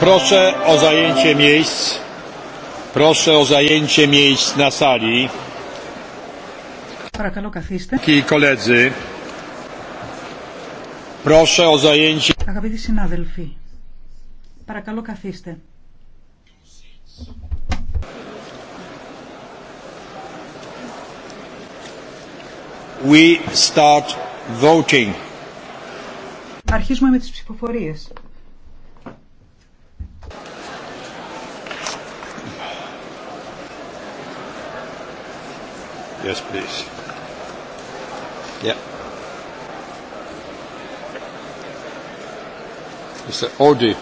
Proszę o zajęcie miejsc. Proszę o zajęcie miejsc na sali. Kolegi i koledzy. Proszę o zajęcie. Agabidi synadelfi. Parakalo kathiste. We start voting. Αρχίζουμε με τις ψηφοφορίες. Yes, please. Yeah. Mr. Audi.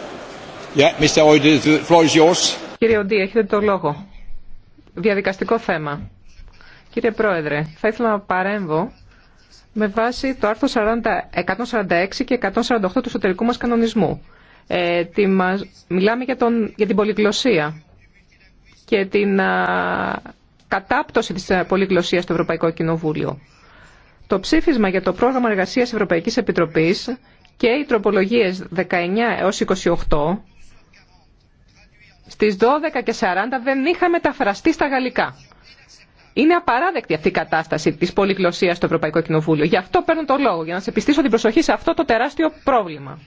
Yeah, Mr. Audi, the floor is yours. Κύριε Οντή, έχετε το λόγο. Διαδικαστικό θέμα. Κύριε Πρόεδρε, θα ήθελα να παρέμβω με βάση το άρθρο 40, 146 και 148 του εσωτερικού μας κανονισμού. Ε, τη, μιλάμε για, τον, για την πολυγλωσία και την κατάπτωση της ε, πολυγλωσίας στο Ευρωπαϊκό Κοινοβούλιο. Το ψήφισμα για το πρόγραμμα εργασίας Ευρωπαϊκής Επιτροπής και οι τροπολογίες 19 έως 28 στις 12 και 40 δεν είχαμε μεταφραστεί στα γαλλικά. Είναι απαράδεκτη αυτή η κατάσταση τη πολυγλωσία στο Ευρωπαϊκό Κοινοβούλιο. Γι' αυτό παίρνω το λόγο, για να σε πιστήσω την προσοχή σε αυτό το τεράστιο πρόβλημα.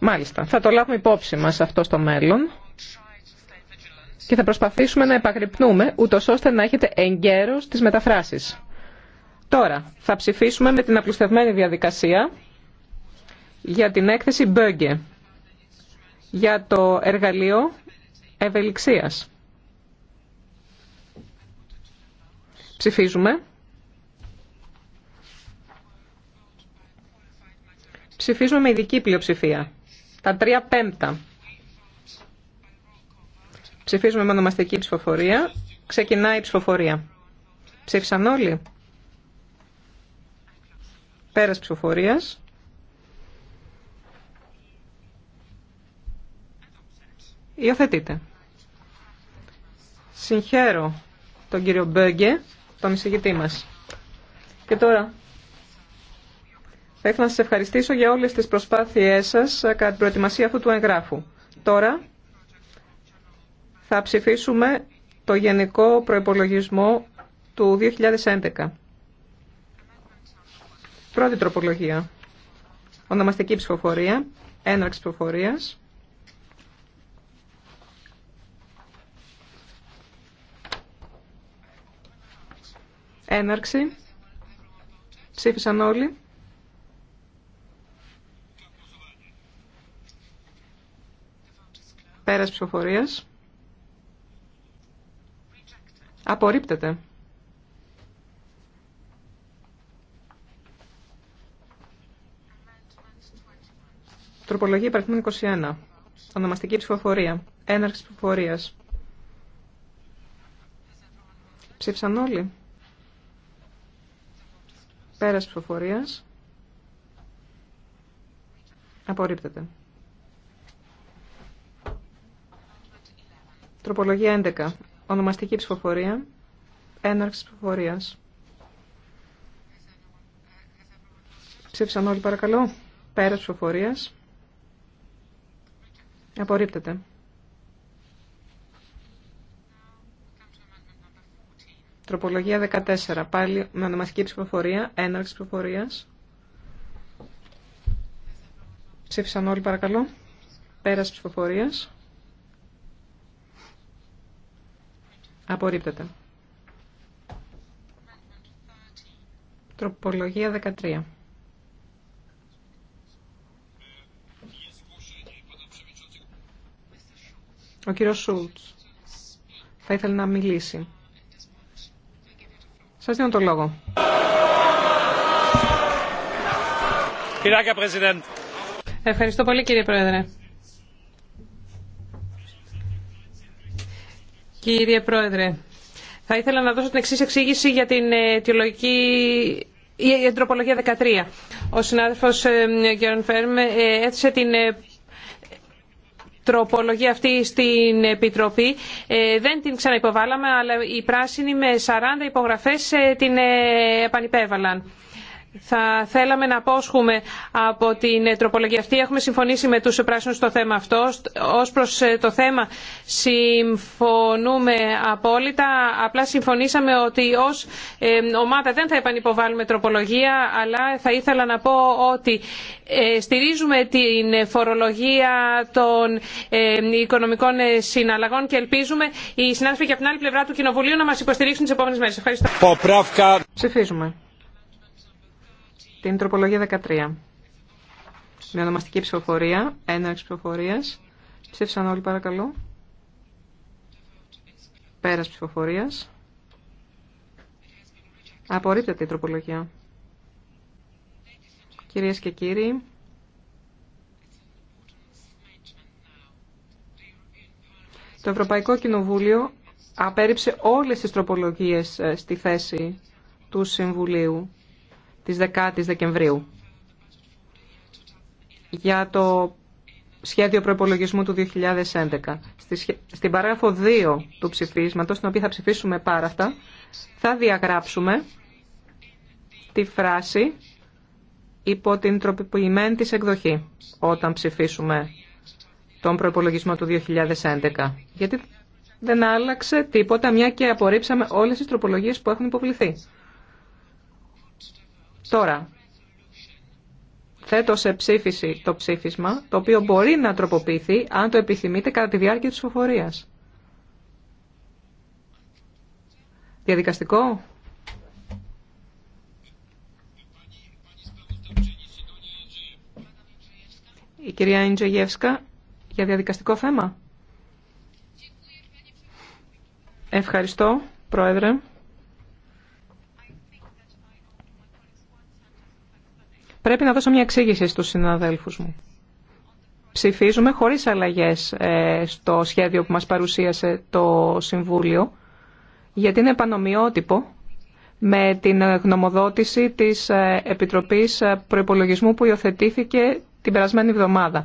Μάλιστα, θα το λάβουμε υπόψη μα αυτό στο μέλλον και θα προσπαθήσουμε να επαγρυπνούμε, ούτω ώστε να έχετε εγκαίρω τι μεταφράσει. Τώρα, θα ψηφίσουμε με την απλουστευμένη διαδικασία για την έκθεση Μπέγκε για το εργαλείο ευελιξίας. Ψηφίζουμε. Ψηφίζουμε με ειδική πλειοψηφία. Τα τρία πέμπτα. Ψηφίζουμε με ονομαστική ψηφοφορία. Ξεκινάει η ψηφοφορία. Ψήφισαν όλοι. Πέρας ψηφοφορίας. Υιοθετείτε. Συγχαίρω τον κύριο Μπέγκε, τον εισηγητή μας. Και τώρα θα ήθελα να σας ευχαριστήσω για όλες τις προσπάθειές σας κατά την προετοιμασία αυτού του εγγράφου. Τώρα θα ψηφίσουμε το Γενικό Προϋπολογισμό του 2011. Πρώτη τροπολογία. Ονομαστική ψηφοφορία, έναρξη ψηφοφορίας. Έναρξη. Ψήφισαν όλοι. Πέρας ψηφοφορίας. Απορρίπτεται. Τροπολογία υπαριθμών 21. Ονομαστική ψηφοφορία. Έναρξη ψηφοφορίας. Ψήφισαν όλοι. Πέρας ψηφοφορίας. Απορρίπτεται. Τροπολογία 11. Ονομαστική ψηφοφορία. Έναρξη ψηφοφορίας. Ψήφισαν όλοι παρακαλώ. Πέρας ψηφοφορίας. Απορρίπτεται. Τροπολογία 14. Πάλι με ονομαστική ψηφοφορία, έναρξη ψηφοφορία. Ψήφισαν όλοι παρακαλώ. Πέραση ψηφοφορία. Απορρίπτεται. Τροπολογία 13. Ο κύριος Σούλτς θα ήθελε να μιλήσει. Σας δίνω το λόγο. Ευχαριστώ πολύ κύριε Πρόεδρε. Κύριε Πρόεδρε, θα ήθελα να δώσω την εξή εξήγηση για την αιτιολογική η τροπολογία 13. Ο συνάδελφος ε, Γιώργο Φέρμ ε, έθεσε την ε, τροπολογία αυτή στην Επιτροπή. Ε, δεν την ξαναυποβάλαμε, αλλά οι πράσινοι με 40 υπογραφές ε, την ε, επανυπέβαλαν. Θα θέλαμε να απόσχουμε από την τροπολογία αυτή. Έχουμε συμφωνήσει με τους πράσινους στο θέμα αυτό. Ως προς ε, το θέμα συμφωνούμε απόλυτα. Απλά συμφωνήσαμε ότι ως ε, ομάδα δεν θα επανυποβάλουμε τροπολογία, αλλά θα ήθελα να πω ότι ε, στηρίζουμε την φορολογία των οικονομικών συναλλαγών και ελπίζουμε οι συνάδελφοι και από την άλλη πλευρά του Κοινοβουλίου να μας υποστηρίξουν τις επόμενες μέρες. Ευχαριστώ. Ψηφίζουμε την τροπολογία 13. Με ονομαστική ψηφοφορία, εξ ψηφοφορίας. Ψήφισαν όλοι παρακαλώ. Πέρας ψηφοφορίας. Απορρίπτεται η τροπολογία. Κυρίες και κύριοι, το Ευρωπαϊκό Κοινοβούλιο απέρριψε όλες τις τροπολογίες ε, στη θέση του Συμβουλίου της 10ης Δεκεμβρίου για το σχέδιο προϋπολογισμού του 2011. Στην παράγραφο 2 του ψηφίσματος, στην οποία θα ψηφίσουμε πάρα αυτά, θα διαγράψουμε τη φράση υπό την τροποποιημένη της εκδοχή όταν ψηφίσουμε τον προπολογισμό του 2011. Γιατί δεν άλλαξε τίποτα, μια και απορρίψαμε όλες τις τροπολογίες που έχουν υποβληθεί. Τώρα, θέτω σε ψήφιση το ψήφισμα, το οποίο μπορεί να τροποποιηθεί αν το επιθυμείτε κατά τη διάρκεια της ψηφοφορίας. Διαδικαστικό. Η κυρία Ιντζογεύσκα για διαδικαστικό θέμα. Ευχαριστώ, Πρόεδρε. Πρέπει να δώσω μια εξήγηση στους συναδέλφους μου. Ψηφίζουμε χωρίς αλλαγές ε, στο σχέδιο που μας παρουσίασε το Συμβούλιο, γιατί είναι επανομοιότυπο με την γνωμοδότηση της ε, Επιτροπής ε, Προϋπολογισμού που υιοθετήθηκε την περασμένη εβδομάδα,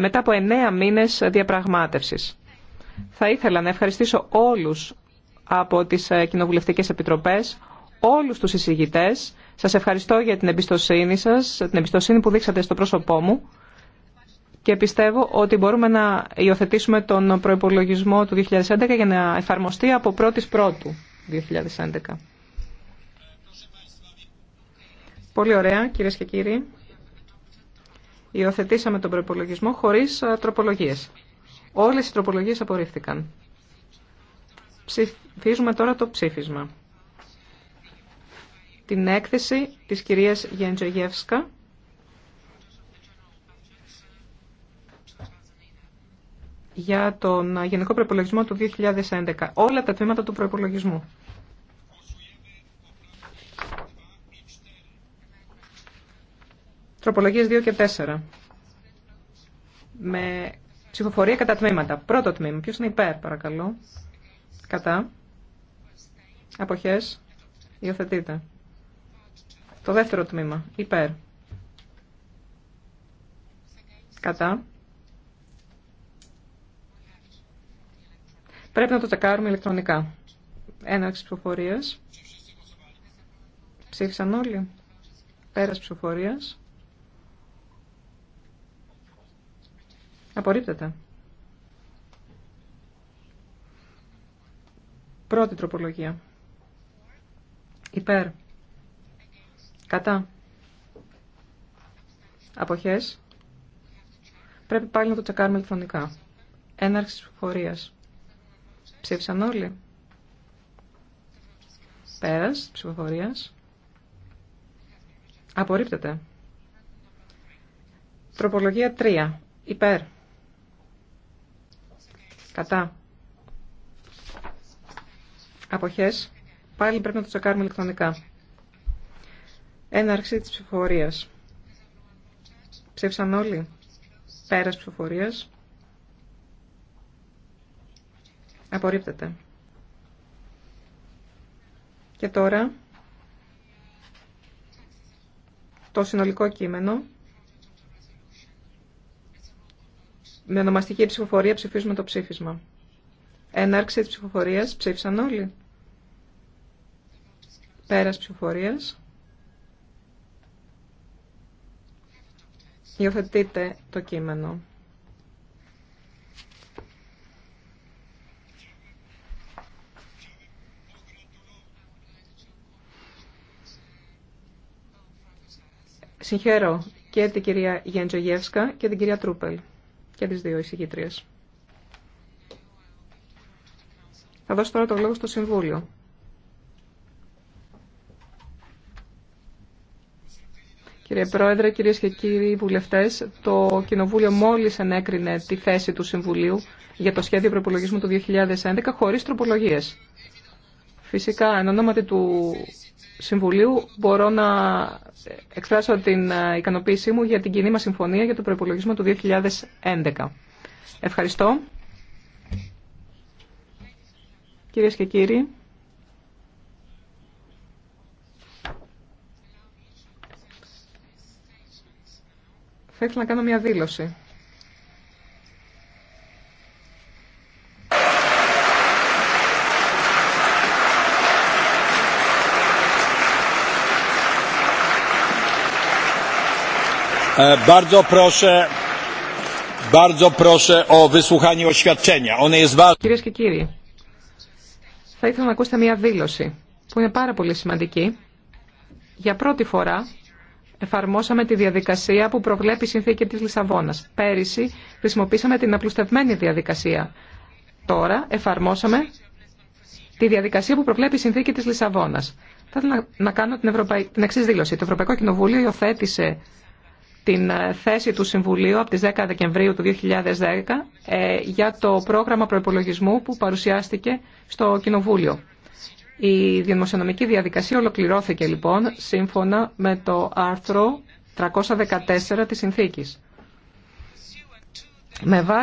μετά από εννέα μήνες διαπραγμάτευσης. Θα ήθελα να ευχαριστήσω όλους από τις Κοινοβουλευτικές Επιτροπές, όλους τους εισηγητές. Σας ευχαριστώ για την εμπιστοσύνη σας, την εμπιστοσύνη που δείξατε στο πρόσωπό μου και πιστεύω ότι μπορούμε να υιοθετήσουμε τον προϋπολογισμό του 2011 για να εφαρμοστεί από Πρώτου 2011. Πολύ ωραία, κυρίε και κύριοι. Υιοθετήσαμε τον προπολογισμό χωρί ε, τροπολογίες Όλε οι τροπολογίε απορρίφθηκαν. Ψηφίζουμε τώρα το ψήφισμα την έκθεση της κυρίας Γεντζογεύσκα. για τον Γενικό Προπολογισμό του 2011. Όλα τα τμήματα του προπολογισμού. Τροπολογίες 2 και 4. Με ψηφοφορία κατά τμήματα. Πρώτο τμήμα. Ποιος είναι υπέρ, παρακαλώ. Κατά. Αποχές. Υιοθετείτε. Το δεύτερο τμήμα. Υπέρ. Κατά. Πρέπει να το τσεκάρουμε ηλεκτρονικά. Έναρξη ψηφοφορία. Ψήφισαν όλοι. Πέρας ψηφοφορία. Απορρίπτεται. Πρώτη τροπολογία. Υπέρ. Κατά. Αποχές. Πρέπει πάλι να το τσεκάρουμε ηλεκτρονικά. Έναρξη ψηφοφορίας. Ψήφισαν όλοι. Πέρας ψηφοφορίας. Απορρίπτεται. Τροπολογία 3. Υπέρ. Κατά. Αποχές. Πάλι πρέπει να το τσεκάρουμε ηλεκτρονικά. Έναρξη της ψηφοφορίας. Ψήφισαν όλοι. Πέρας ψηφοφορίας. Απορρίπτεται. Και τώρα το συνολικό κείμενο. Με ονομαστική ψηφοφορία ψηφίζουμε το ψήφισμα. Έναρξη της ψηφοφορίας ψήφισαν όλοι. Πέρας ψηφοφορίας. Υιοθετείτε το κείμενο. Συγχαίρω και την κυρία Γεντζογεύσκα και την κυρία Τρούπελ και τις δύο εισηγήτριες. Θα δώσω τώρα το λόγο στο Συμβούλιο. Κύριε Πρόεδρε, κυρίε και κύριοι βουλευτέ, το Κοινοβούλιο μόλι ανέκρινε τη θέση του Συμβουλίου για το σχέδιο προπολογισμού του 2011 χωρί τροπολογίε. Φυσικά, εν ονόματι του Συμβουλίου μπορώ να εκφράσω την ικανοποίησή μου για την κοινή μα συμφωνία για το προπολογισμό του 2011. Ευχαριστώ. Κυρίε και κύριοι. Θα ήθελα να κάνω μια δήλωση. E, Κυρίες και κύριοι, θα ήθελα να ακούσετε μια δήλωση που είναι πάρα πολύ σημαντική. Για πρώτη φορά εφαρμόσαμε τη διαδικασία που προβλέπει η συνθήκη της Λισαβόνας. Πέρυσι χρησιμοποίησαμε την απλουστευμένη διαδικασία. Τώρα εφαρμόσαμε τη διαδικασία που προβλέπει η συνθήκη της Λισαβόνας. Θα ήθελα να κάνω την, Ευρωπαϊ... την εξή δήλωση. Το Ευρωπαϊκό Κοινοβούλιο υιοθέτησε την ε, θέση του Συμβουλίου από τις 10 Δεκεμβρίου του 2010 ε, για το πρόγραμμα προϋπολογισμού που παρουσιάστηκε στο Κοινοβούλιο. Η δημοσιονομική διαδικασία ολοκληρώθηκε λοιπόν σύμφωνα με το άρθρο 314 της Συνθήκης.